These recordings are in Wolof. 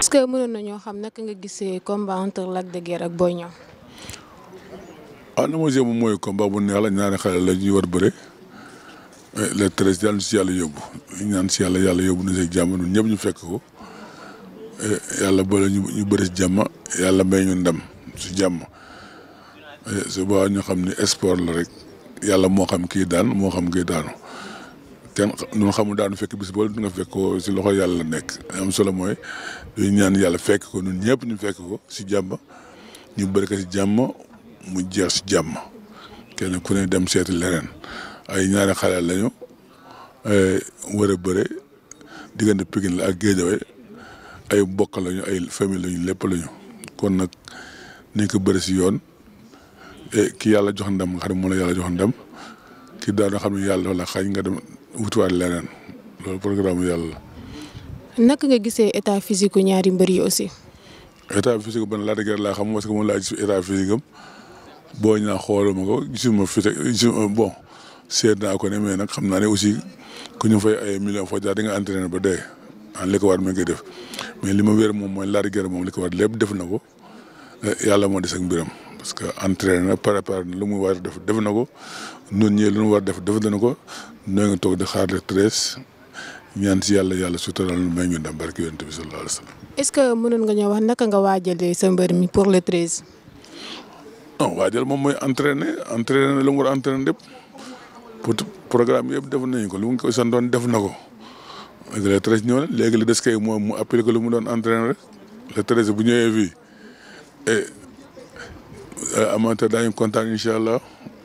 est-ce que mënoon na ñoo xam naka nga gisee combat entre Lac de Guiers ak Boy Niang. ah na mooy combat bu neex la ñaari xale la ñuy war bëre eh, le treize yàlla ñu si yàlla yóbbu ñaan si yàlla yàlla yóbbu na si jàmm ñun ñëpp ñu fekk ko eh, yàlla boole ñu ñu bëri si jàmm yàlla may ñu ndam si jàmm eh, su boobaa ñu xam ni sport la rek yàlla moo xam kii daan moo xam kii daanu. kenn lu ma xamul daanu fekk bis boole nga fekk ko si loxo yàlla nekk am solo mooy dañu ñaan yàlla fekk ko ñun ñëpp ñu fekk ko si jàmm ñu bëri ko si jàmm mu jeex ci jàmm kenn ku ne dem seeti leneen ay ñaari xale lañu war a bëre la ak Guédiawaye ay mbokk lañu ay famille lépp lañu kon nag nañ ko bëri si yoon eh, ki yàlla jox ndam nga xam ne la yàlla jox ndam ki daanoo xam ne yàlla la xañ nga dem. wutuwaat leneen loolu programme yàlla la. naka nga gisee état physique ñaari mbër yi aussi. état physique ban Lac de Guiers laa xam parce que moom laa gis état physique am boo ñaa xooluma ko gisuma fi gisuma bon seet a ko ne mais nag xam naa ne aussi ku ñu fay ay millions foo jaar di nga entraîné ba dee en li ko war mi ngi def mais li ma wér moom mooy Lac de moom li ko war lépp def na ko eh, yàlla moo des ak mbiram. parce que entraîné na préparé na lu mu war def def na ko ñun ñii lu mu war def def na ko ñoo ngi toog di xaar le treize ñaan si yàlla yàlla suturaal nu may ñu dem barki yonent bi sallallahu alayhi wa que mënoon nga ñoo wax naka nga waajalee sa mbër mi pour moom mooy entraîné entraîné na lu mu war a entraîné lépp pour programme yëpp def nañu ko lu mu ko san doon def na ko le treize ñëw na léegi li des kay moom mu appelé ko lu mu doon entraîné rek le treize bu Euh, amateur daañu kontaan incha allah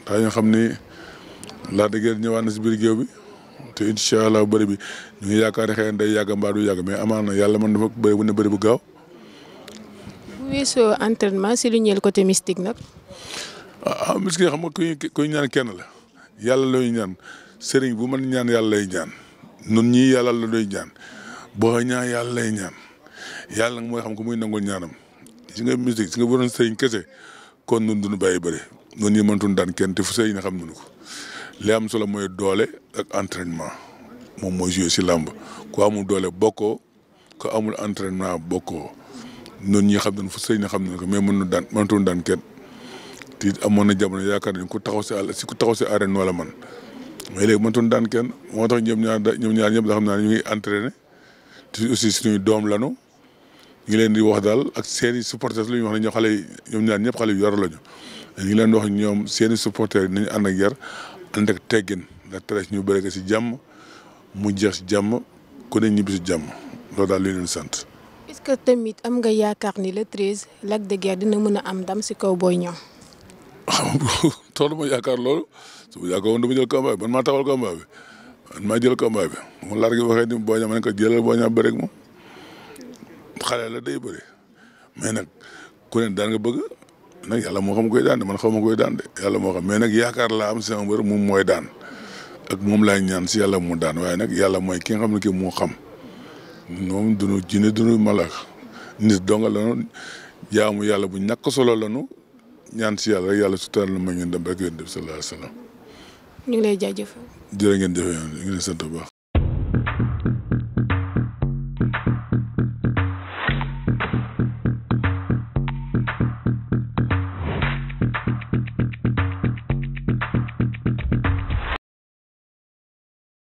daañu xam ni laa de ñëwaan na si biir géew bi te incha allah bëri bi ñu yaakaar ne day yàgg mbaa du yàgg mais amaan na yàlla man dafa bëri bu ne bëri bu gaaw. bu weesoo entraînement si lu ñeel côté mystique nag. ah, ah mystique xam nga ku ñu ñaan kenn la yàlla looy ñaan sëriñ bu mën ñaan yàlla lay ñaan nun ñii yàlla la looy ñaan boo ñaan yàlla lay ñaan yàlla nag mooy xam ko muy nangul ñaanam si nga mystique si nga kon nun duñu bàyyi bëri noonu yi mëntuñu daan kenn ti fu sey na xam nunu ko li am solo mooy doole ak entraînement moom mooy joué si làmb ku amul doole bokkoo ku amul entraînement bokko noonu ñi xam nañ fu sëy na xam nañ ko mais mën na daan mënatuñu daan kenn te amoon na jamono yaakaar nañ ku taxaw si àll si ku taxaw si arène wala man mais léegi mënatuñu daan kenn moo tax ñoom ñaar ñoom ñaar ñëpp da xam naa ne ñu ngi entraîné te aussi suñuy doom lanu ñu leen di wax daal ak seen i supporters lu ñu wax ne ñoo xale yi ñoom ñaar ñëpp xale yu yar lañu ñu leen di wax ñoom seeni i supporters nañu ànd ak yar ànd ak teggin ndax traite ñu bëri si jàmm mu jeex si jàmm ku ne ñibbi si jàmm loolu daal lu leen sant. est que tamit am nga yaakaar ni le treize Lac de Guiers dina mën a am ndam si kaw Boy Niang. xam nga toolu ma yaakaar loolu su ma yaakaar woon dama jël combat bi maa taxawal combat bi man maa jël combat bi mu largee waxee ni Boy Niang ma ne ko jëlal Boy moom. xale la day bëri mais nag ku ne daan nga bëgg nag yàlla moo xam koy daan de man xaw ma koy daan de yàlla moo xam mais nag yaakaar laa am sama mbër moom mooy daan ak moom laay ñaan si yàlla mu daan waaye nag yàlla mooy ki nga xam ne ki moo xam moom dunu jinne dunu malak nit donga lanu jaamu yàlla bu ñàkk solo la nu ñaan si yàlla rek yàlla sutural na ma ngeen dem rek yéen def sallallahu alayhi wa sallam ñu ngi lay jaajëfal jërë ngeen jëfee ñu baax